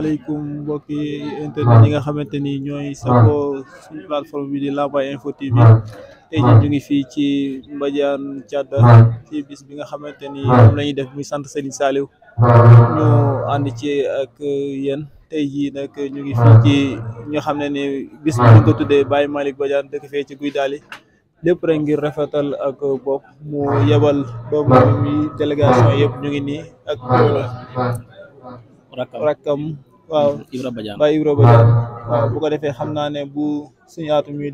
alaykum mbokki internet yi nga xamanteni ñoy sa ko ah. suñu plateforme bi di Lambaye Info TV ah. tay ah. ñu ngi fi ci mbadian Thiada ci bis bi nga xamanteni ni lañuy def muy sante Serigne salew ñu and ci ak yeen tay ji nak ñu ngi fi ci ñu xamne ni bis bi ko tuddé Baye malik badian dekk fe ci Guy dali lepp rek ngir rafetal ak bopp mu yebal doomu mi delegation yépp ñu ngi ni ak rakam waaw Ibra Badiane waaw Ibra Badiane waaw bu ko defee xam naa ne bu suñu yaatu mi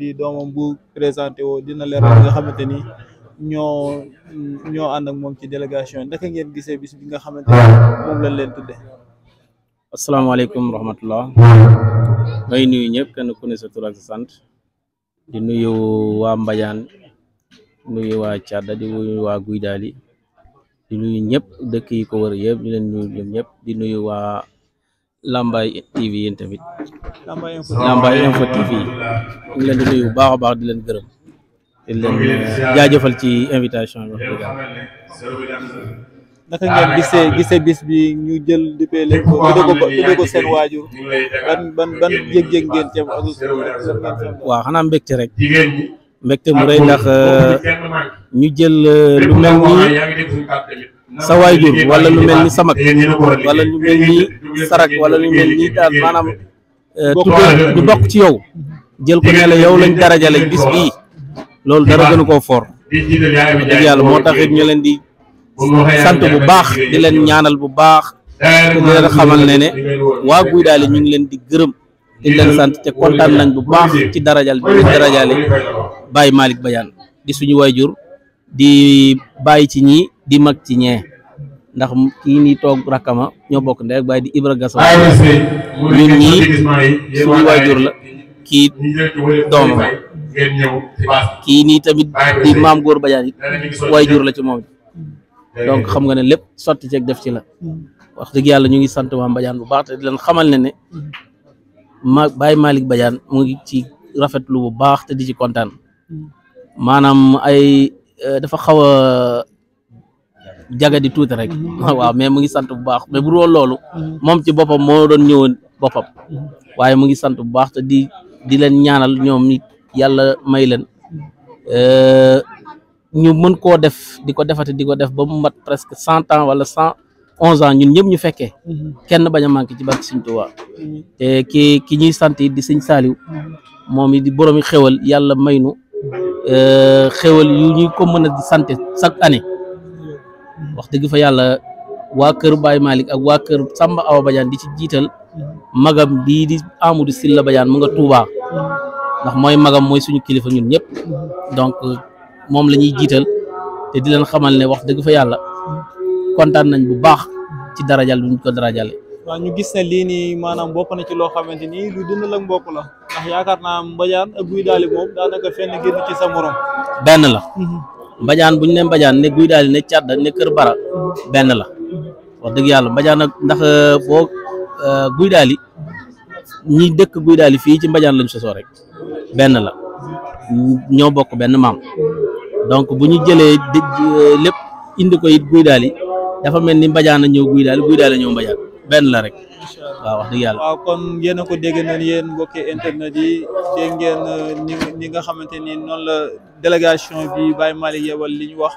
bu présenté woo dina leeral nga xamante ni ñoo ñoo ànd ak moom ci délégation naka ngeen gisee bis bi nga xamante ni moom lañ leen tudde asalaamaaleykum wa rahmatullah may nuyu ñëpp kenn ku ne sant di nuyu waa Mbadiane nuyu waa Thiada di nuyu waa Guy Daly di nuyu ñëpp dëkk yi ko yëpp di leen nuyu ñoom ñëpp di nuyu waa Lambaye TV yéen tamit Lambaye Info TV ñu di nuyu bu baax a baax di leen gërëm di leen jaajëfal ci invitation bi wax dëgg naka ngeen gisee gisee bis bi ñu jël dipee leen ko tuddee ko seen waajur ban ban ban ngeen ceeb ak waaw xanaa mbégte rek mbégte mu rëy ndax ñu jël euh, lu mel nii sa waajur wala lu mel ni sa wala lu mel ni sa wala lu mel ni daal maanaam eh, du bokk ci yow jël ko ne la yow lañ darajale bis bii loolu dara gënu koo foor yàlla moo tax ñu leen di sant bu baax di leen ñaanal bu baax te di leen xamal ne ne waa guy daal ñu ngi leen di gërëm di leen sant te kontaan nañ bu baax ci darajal bi leen darajale Baye Malick Badiane di suñu waajur di bay ci ñi di mag ci ñe ndax ki ni tok rakama ño bok ndey ak bay di ibra gaso ñi ñi suñu wajur la kini doomam ki ni tamit di mam gur bajaan it waajur la ci mom donc xam nga ne sorti ci ak def ci la wax deug yalla ñu ngi sant wa bajaan bu baax te di leen xamal ne ne bay malik bajaan mu ngi ci lu bu baax te di ci kontan, manam mm. ay Eh, dafa xawa a jaga di tuuti rek mhm. waaw mais mu ngi sante bu baax mais bu ro loolu mom mhm. ci bopam mo doon ñewoon bopam mhm. waye mu ngi sante bu baax te di di len ñaanal ñom nit yalla may len euh ñu mën koo def diko defati diko def ba mu mat presque 100 ans wala 111 ans ñun ñëpp ñu fekke kenn baña a ci bak seigne touba te ki ki ñuy sante di seigne saliw momi di boromi xewal yàlla may nu Euh, xéwal yu ñu ko mën a di sant chaque année wax dëgg fa yàlla waa kër Baye Malick ak waa kër Samba Awa Badiane di ci jiital magam bii di Amadou Sylla Badiane mu nga Touba ndax mooy magam mooy suñu kilifa ñun ñëpp donc moom la ñuy jiital te di leen xamal ne wax dëgg fa yàlla kontaan nañ bu baax ci darajal lu ñu ko darajale wa ñu gis ne li ni manam bop na ci lo xamanteni lu dund la mbokk la ndax yaakar na mbajaan ak dali mom da naka fenn gën ci sa morom. ben la. Mhm. mbajaan bu ne mbajaan ne guuy dali ne ciad ne keur bara mhm. ben la wax deug yalla mbajaan nak ndax euh, bo euh, guuy dali ñi dekk guuy dali fi ci mbajaan lañu soso rek ben la ño bok ben mam donc buñu jëlé euh, lepp indi ko it guuy dali dafa melni mbajaan a guuy dali guuy dali benn la rek waaw yàlla kon yéen a ko dégg nañ yéen mbokki internet yi dégg ngeen euh, ni nga xamante ni noonu la délégation bi bay Malick yebal li ñu wax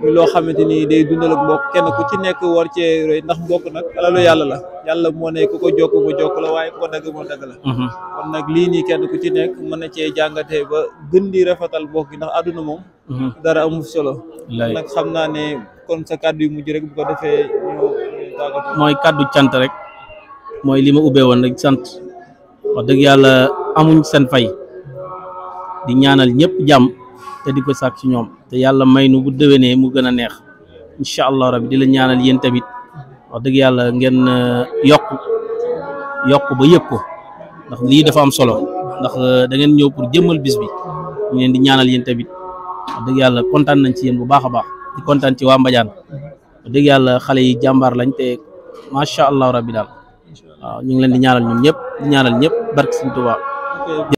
muy loo xamante ni day dundal ak kenn ku ci nekk war cee roy ndax bokk nag alalu yàlla la yàlla moo ne ko jokk mu jokk la waaye ku ko dagg mu dagg la mhm. kon nag lii nii kenn ku ci nekk mën na cee jàngatee ba gën di rafetal mbokk gi ndax àdduna moom mhm. dara amul solo nag xam naa ne kon sa kàddu yu rek bu defee mooy kàddu sant rek mooy li ma ubbee woon rek sant wax dëgg yàlla amuñ seen fay di ñaanal ñëpp jàmm te di ko sàkk ci ñoom te yàlla may nu bu ne mu gën a neex incha allah rabbi di la ñaanal yéen tamit wax dëgg yàlla ngeen uh, yokk yokk ba yëpp ko ndax lii dafa am solo ndax uh, da ngeen ñëw pour jëmmal bis bi ñu di ñaanal yéen tamit wax dëgg yàlla kontaan nañ ci yéen bu baax a baax di kontaan ci waa Mbadiane dëgg yàlla xale yi jàmbaar lañ te macha allah rabbi daal waaw ñu ngi leen di ñaanal ñun ñëpp di ñaanal ñëpp barke